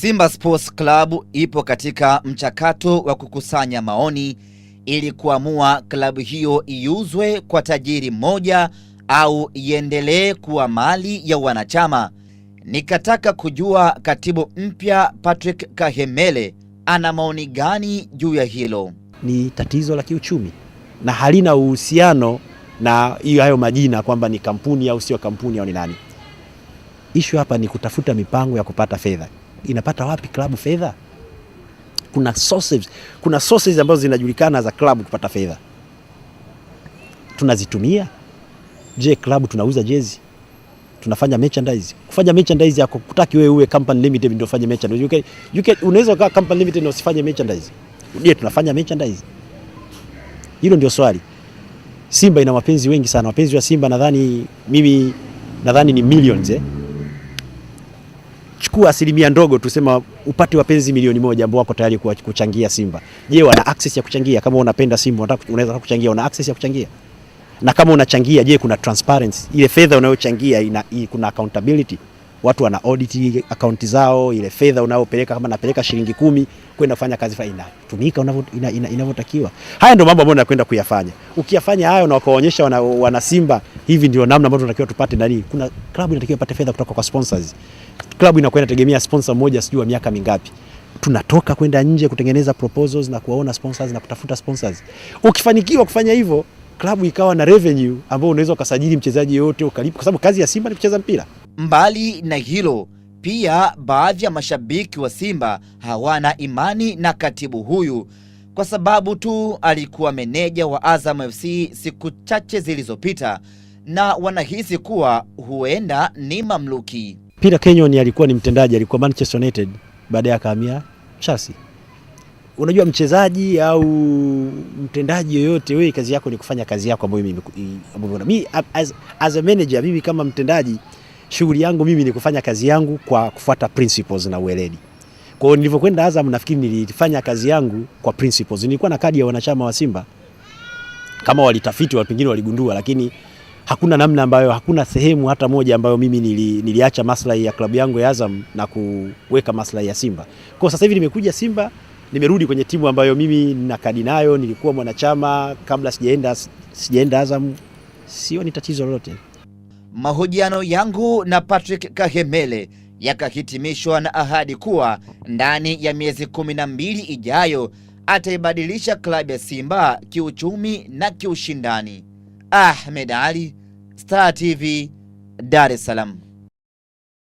Simba Sports Club ipo katika mchakato wa kukusanya maoni ili kuamua klabu hiyo iuzwe kwa tajiri mmoja au iendelee kuwa mali ya wanachama. Nikataka kujua katibu mpya Patrick Kahemele ana maoni gani juu ya hilo. Ni tatizo la kiuchumi na halina uhusiano na hiyo hayo majina kwamba ni kampuni au sio kampuni au ni nani. Ishu hapa ni kutafuta mipango ya kupata fedha inapata wapi klabu fedha? Kuna sources, kuna sources ambazo zinajulikana za klabu kupata fedha, tunazitumia? Je, klabu tunauza jezi, tunafanya merchandise? Kufanya merchandise yako kutaki wewe uwe company limited ndio ufanye merchandise. You can, you can, unaweza kuwa company limited na usifanye merchandise. Je, tunafanya merchandise? Hilo ndio swali. Simba ina mapenzi wengi sana, wapenzi wa Simba nadhani mimi nadhani ni millions eh? chukua asilimia ndogo tusema, upate wapenzi milioni moja ambao wako tayari kuchangia Simba. Je, wana access ya kuchangia? Kama unapenda Simba unaweza kuchangia, una access ya kuchangia? Na kama unachangia, je, kuna transparency? Ile fedha unayochangia ina, i, kuna accountability? Watu wana audit account zao, ile fedha unayopeleka, kama napeleka shilingi kumi kwenda kufanya kazi fulani inatumika inavyotakiwa ina, ina. Haya ndio mambo ambayo nakwenda kuyafanya. Ukiyafanya hayo na ukawaonyesha wana, wana Simba, hivi ndio namna ambayo tunatakiwa tupate nani, kuna klabu inatakiwa ipate fedha kutoka kwa sponsors klabu inakuwa inategemea sponsor mmoja sijui wa miaka mingapi. Tunatoka kwenda nje kutengeneza proposals na kuwaona sponsors na kutafuta sponsors. Ukifanikiwa kufanya hivyo, klabu ikawa na revenue ambayo unaweza ukasajili mchezaji yoyote ukalipa, kwa sababu kazi ya Simba ni kucheza mpira. Mbali na hilo pia baadhi ya mashabiki wa Simba hawana imani na katibu huyu kwa sababu tu alikuwa meneja wa Azam FC siku chache zilizopita, na wanahisi kuwa huenda ni mamluki. Peter Kenyon alikuwa ni mtendaji, alikuwa Manchester United, baadaye akahamia Chelsea. Unajua, mchezaji au mtendaji yoyote, wewe kazi yako ni kufanya kazi yako ambayo mimi mimi as, as a manager, mimi kama mtendaji, shughuli yangu mimi ni kufanya kazi yangu kwa kufuata principles na ueledi. Kwa hiyo nilivyokwenda Azam, nafikiri nilifanya kazi yangu kwa principles. Nilikuwa na kadi ya wanachama wa Simba, kama walitafiti wa wapengine waligundua, lakini hakuna namna ambayo, hakuna sehemu hata moja ambayo mimi nili, niliacha maslahi ya klabu yangu ya Azam na kuweka maslahi ya Simba. Kwa sasa hivi nimekuja Simba, nimerudi kwenye timu ambayo mimi na kadi nayo, nilikuwa mwanachama kabla sijaenda sijaenda Azam, sioni tatizo lolote. Mahojiano yangu na Patrick Kahemele yakahitimishwa na ahadi kuwa ndani ya miezi kumi na mbili ijayo ataibadilisha klabu ya Simba kiuchumi na kiushindani. Ahmed Ali, Star TV, Dar es Salaam.